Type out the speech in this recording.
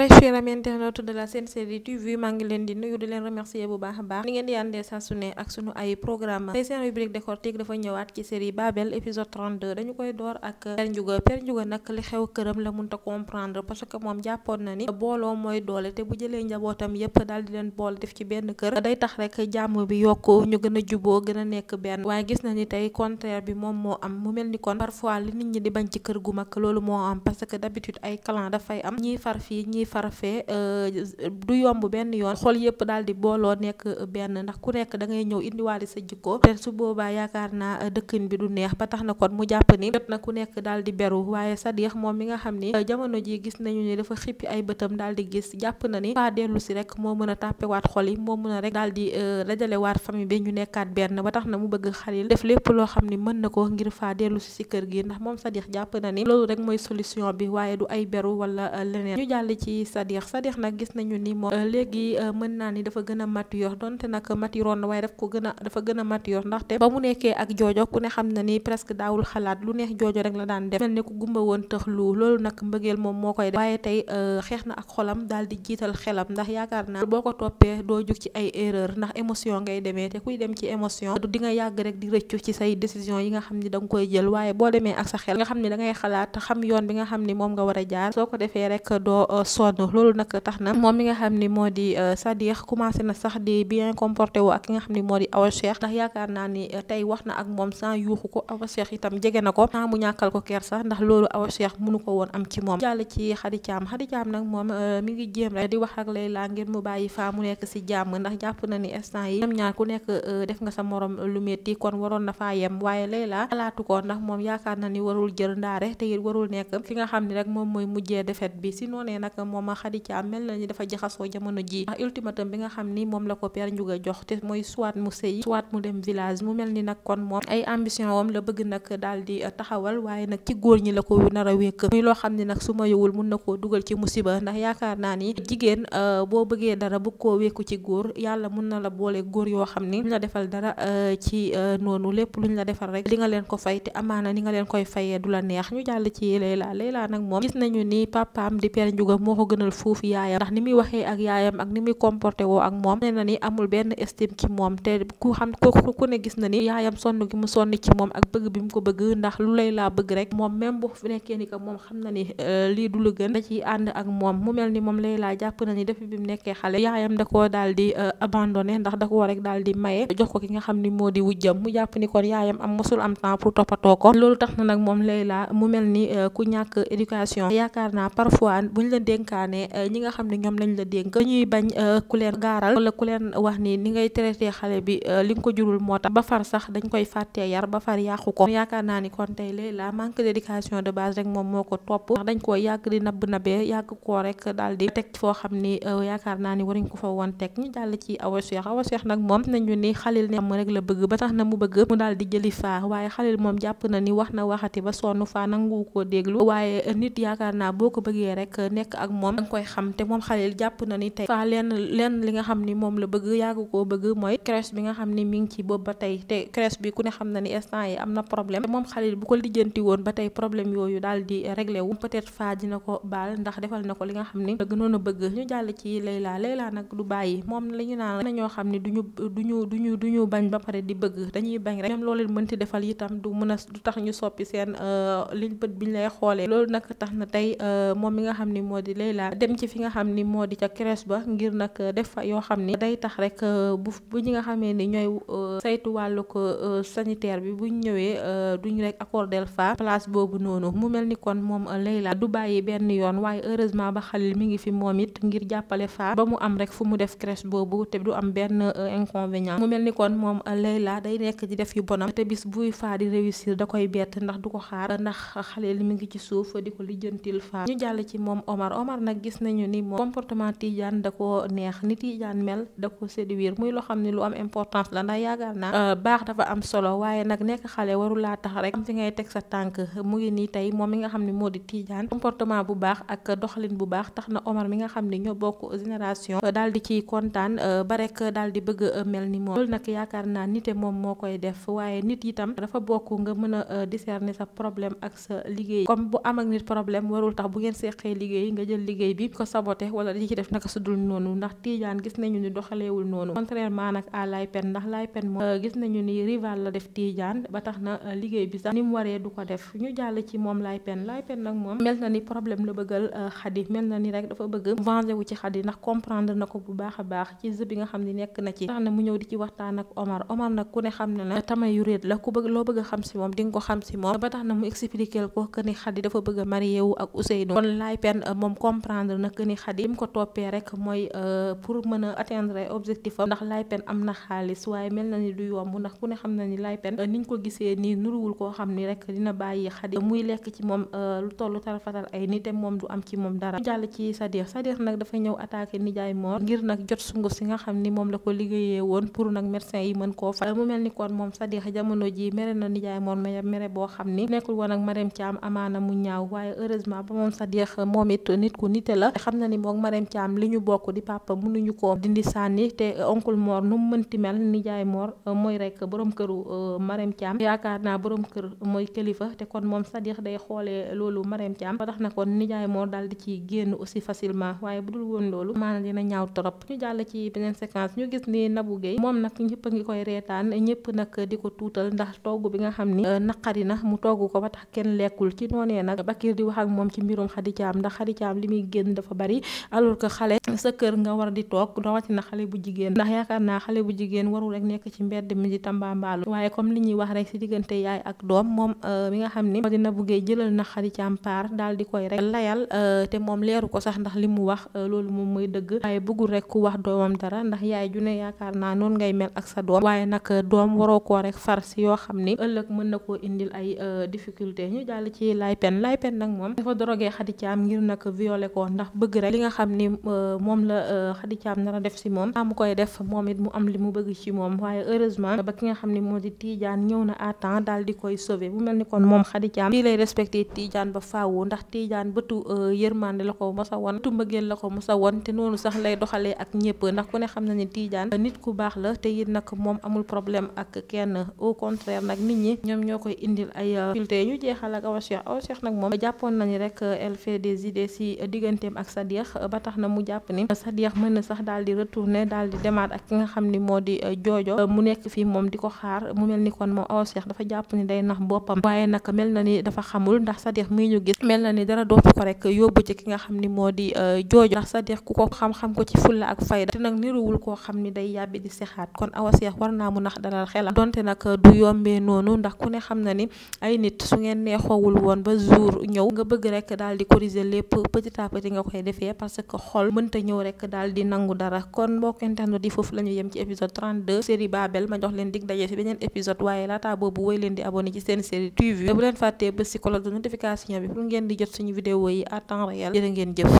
très chers amis internautes de la Sen Série TV maa ngi leen di nuyu di leen remercier bu baax baax li ngeen di àndee saa ak sunu ay programme tey seen rubrique décortique dafa ñëwaat ci série Babel épisode 32 dañu koy door ak Père Ndiouga Père Ndiouga nag li xew këram la mënta comprendre parce que moom jàppoon na ni booloo mooy doole te bu jëlee njabootam yépp daal di leen bool def ci benn kër day tax rek jàmm bi yokku ñu gën a juboo gën a nekk benn waaye gis na ni tey contraire bi moom moo am mu mel ni kon parfois li nit ñi di bañ ci kër gu mag loolu moo farafee euh, du yomb benn yoon xol yëpp daal di booloo nekk euh, benn ndax ku nekk da ngay ñëw indiwaale sa jikko te su boobaa yaakaar naa euh, dëkkin bi du neex ba tax na kon mu jàpp ni jot na ku nekk daal di beru waaye Sadikh moom mi nga xam ni jamono ji gis nañu ni dafa xippi ay bëtam daal di gis jàpp na ni faa dellu si rek moo mën a tàppewaat xol yi moo mën a rek daal di dajalewaat famille bi ñu nekkaat benn ba tax na mu bëgg xalil def lépp loo xam ni mën na ko ngir faa dellu si si kër gi ndax moom sa Sadikh jàpp na ni loolu rek mooy solution bi di Sadikh Sadikh nag gis nañu ni moom euh, léegi euh, mën naa ni dafa gën a mature donte nag a a ba mu nekkee ak joojo ku ne xam na ni presque daawul xalaat lu neex joojo rek la daan def mel ne ku gumba woon tëx lu loolu nag mbëggeel moom moo koy def waaye tey euh, xeex na ak xolam daal di jiital xelam ndax yaakaar naa boo ko toppee doo jug ci ay erreur ndax émotion ngay demee te kuy dem ci émotion du di nga yàgg rek di rëccu ci say décision yi nga xam ni da nga koy jël waaye boo demee ak sa da ngay xalaat xam yoon bi nga xam ni moom a jaar sonn loolu nag tax na moom mi nga xam ni moo di euh, Sadikh commencé na sax di bien comporté wu ak ki nga xam ni moo di Awa Cheikh ndax yaakaar naa ni euh, tey wax na ak moom sans yuuxu ko Awa Cheikh itam jege na ko ko kersa ndax loolu Awa Cheikh mënu ko woon am ci moom euh, mi ngi jéem rek di wax ak Leila ngir mu bàyyi faa mu nekk si jàmm ndax jàpp na ni instant yi ñoom ñaar ku def nga sa morom lu metti kon waroon na faa yem waaye Leila xalaatu ko ndax moom yaakaar na ni warul jël ndaare te it warul nekk ki nga xam ni rek moom mooy mujjee defet bi si noonee nag mooma Khady Thiam mel na ni dafa jaxasoo jamono ji ndax ultimatum bi nga xam ni moom la ko Père Ndiouga jox te mooy soit mu sëy soit mu dem village mu mel ni nag kon moom ay ambition wam la bëgg nag daal di euh, taxawal waaye nag ci góor ñi la ko nar a wékk muy loo xam ni nag su ma yowul mun na koo dugal ci musiba ndax yaakaar naa ni jigéen euh, boo bëggee dara bëgg ko wékku ci góor yàlla mun na la boole góor yoo xam ni euh, luñ la defal dara ci noonu lépp lu la defal rek li leen ko fay te amaana ni nga koy fayee du la neex ñu ko gënal foofu yaayam ndax ni muy waxee ak yaayam ak ni muy comporté woo ak moom bi ko bëgg ndax lu lay laa bëgg rek moom même bu nekkee ni que moom xam na ni euh, lii du mu mel ni moom lay laa jàpp na ni bi mu nekkee xale yaayam da koo daal di euh, abandonné da koo rek daal di maye jox ki nga xam ni moo di wujjam mu jàpp ni kon yaayam am mosul am ko loolu tax na nag moom lay laa mu mel ni euh, ku ñàkk éducation yaakaar naa parfois buñ la dénk dénkaane eh, ñi nga xam ne ñoom lañ la dénk ñuy bañ eh, ku leen gaaral wala ku leen wax eh, ko jurul moo ba far sax dañ koy fàttee yar ba ko yaakaar naa ni la manque d'éducation de base rek moo ko topp ndax koo yàgg di nabb nabee yàgg koo rek daal di teg foo xam ni naa ni waruñ ko fa woon teg ñu jàll ci Awa Cheikh Awa Cheikh nag moom nañu ni xalil ne am rek la bëgg ba tax na mu bëgg mu daal di jëli faa waaye xalil moom jàpp na ni wax na waxati ba sonn faa nangu ko déglu waaye nit yaakaar naa boo ko bëggee rek nekk ak moom danga koy xam te moom Khalil jàpp na ni tey faa lenn li nga xam ni moom la bëgg yàgg koo bëgg mooy crèche bi nga xam ni mi ngi ci boobu ba tey te crèche bi ku ne xam na ni instant yi am na problème moom Khalil bu ko lijjanti woon ba tey problème yooyu daal di réglé wu peut faa dina ko baal ndax defal na ko li nga xam ni gënoon a bëgg ñu jàll ci Leila Leila nag du bàyyi la na ñoo xam ni duñu duñu duñu duñu bañ ba pare di bëgg dañuy bañ rek ñoom loo leen mënti defal itam du mën a du ñu soppi seen euh, liñ bët biñ lay loolu nag tax na tey euh, moom mi nga xam Leila dem ci fi nga xam ni moo di ca crèche ba ngir nag def fa yoo xam ni day tax rek euh, bu bu ñi nga xamee ni ñooy euh, saytu wàllu ko euh, sanitaire bi buñ ñëwee duñ rek accordel fa place boobu noonu mu mel ni kon moom Leila du bàyyi benn yoon waaye heureusement ba Khalil mi ngi fi moom it ngir jàppale fa ba mu am rek fu mu def crèche boobu te du am benn inconvénient mu mel ni kon moom Leila day nekk di def yu bonam te bis buy faa di réussir da koy bett ndax du ko xaar ndax Khalil mi ngi ci suuf di ko lijjantil fa ñu jàll ci moom Omar Omar loolu nag gis nañu ni moom comportement Tidiane da koo neex ni Tidiane mel da ko séduire muy loo xam ne lu am importance la ndax yaakaar naa euh, baax dafa am solo waaye nag nekk xale warulaa tax rek am ngay teg sa tànk mu nii tey moom mi nga xam ne moo di Tidiane comportement bu baax ak doxalin bu baax tax na Omar mi nga xam ne ñoo bokk génération euh, daal di ciy kontaan euh, ba rek daal di bëgg mel ni moom loolu nag yaakaar naa nite moom moo koy def waaye nit itam dafa bokk nga mën a discerner sa problème ak sa liggéey comme bu am nit problème warul tax bu ngeen seqee liggéey liggéey bi ko sabote wala li ci def naka sudul noonu ndax Tidiane gis nañu ni doxaleewul noonu contrairement nag à Laye Pen ndax Laye Pen moom euh, ba tax na euh, liggéey bi sax ni mu waree du ko euh, a a a comprendre na que ni Khady mu ko toppee rek mooy euh, pour mën a atteindre objectif am ndax Laye Pène am na xaalis waaye mel na ni du yomb ndax ku ne xam na ni Laye Pène euh, niñ ko gisee nii nuruwul koo xam ni rek dina bàyyi Khady muy lekk ci moom euh, lu tollu tarafatal ay nit te moom du am ci moom dara jàll ci Sadir Sadir nag dafa ñëw attaqué nijaay Mor ngir nag jot sunguf si nga xam ni moom la ko liggéeyee woon pour nag médecin yi mën koo faj mu mel ni kon moom Sadir jamono ji mere na nijaay Mor mais mere boo xam ni nekkul woon ak Marème Thiam amaana mu ñaaw waaye heureusement ba moom Sadir moom it ku nite la xam na ni mook Marème Thiam li ñu bokk di papa mënuñu koo dindi sànni te euh, oncle Mor nu mu mënti mel nijaay moor euh, mooy rek boroom këru euh, Marème caam yaakaar naa boroom kër mooy kilifa te kon moom cest à day xoolee loolu Marème Thiam ba tax na kon nijaay Mor daal di ci génn aussi facilement waaye bu dul woon loolu maanaam dina ñaaw torop ñu jàll ci beneen séquence ñu gis ni Nabou Guèye moom nag ñëpp a ngi koy reetaan ñëpp nag di ko tuutal ndax togg bi nga xam ni naqari na mu togg ko ba tax kenn lekkul ci noonee nag Bakir wax ak ci mbirum Khady muy génn dafa bari alors que xale sa kër nga war di toog rawatina xale bu jigéen ndax yaakaar naa xale bu jigéen warul rek nekk ci mbedd mi di tambaambaalu waaye comme li ñuy wax rek si diggante yaay ak doom moom euh, mi nga xam ni dina buggee jëlal na xari ci am paar daal di koy rek layal euh, te moom leeru ko sax ndax li mu wax euh, loolu moom mooy dëgg waaye bëggul rek ku wax doomam dara ndax yaay ju ne yaakaar naa noonu ngay mel ak sa doom waaye nag doom waroo koo rek far si yoo xam ni ëllëg mën na koo indil ay difficulté ñu jàll ci lay pen lay pen nag moom boole ko ndax bëgg rek li nga xam ni euh, moom la euh, Khady Thiam nar a def si moom mu koy def moom it mu am li mu bëgg ci moom moo di Tidiane ñëw na à temps daal di koy sauver mu mel ni kon moom Khady ba faawu ndax Tidiane euh, la ko mosa won bëtu mbëggeel la ko mosa won te noonu sax lay doxalee ak ñëpp ndax ku ne xam na ni ku baax la te it nag moom amul problème ak kenn au contraire nag nit ñi ñoom ñoo koy indil ay filtre ñu jeexal ak awa Cheikh nag moom jàppoon nañu rek elle fait des idées digganteem ak Sadikh euh, ba tax na mu jàpp ni Sadikh mën na sax daal di retourner daal di demaat ak ki nga xam ni moo di euh, joojo euh, mu nekk fii moom di ko xaar mu mel ni kon moom aw Cheikh dafa jàpp ni day nax boppam waaye nag mel na ni dafa xamul ndax Sadikh mii ñu gis mel na ni dara ko rek yóbbu ci ki nga xam ni moo di joojo ndax Sadikh ku ko xam-xam ko ci fulla ak fayda te nag niruwul koo xam ni day yàbbi di sixaat kon aw war naa mu nax dalal xelam donte nag du yombee noonu ndax ku ne xam na ni ay nit su ngeen neexoowul woon ba jour ñëw nga bëgg rek daal di lépp petit tappati nga koy defee parce que xol mënta ñëw rek daal di nangu dara kon mbokk internet yi foofu la yem ci épisode 32 série Baabel ma jox leen dig daje fi beneen épisode waaye laata boobu woy leen di abonné ci seen série TV bu leen fàttee bës si cloche notification bi pour ngeen di jot suñu vidéo yi à temps réel jërë ngeen jëf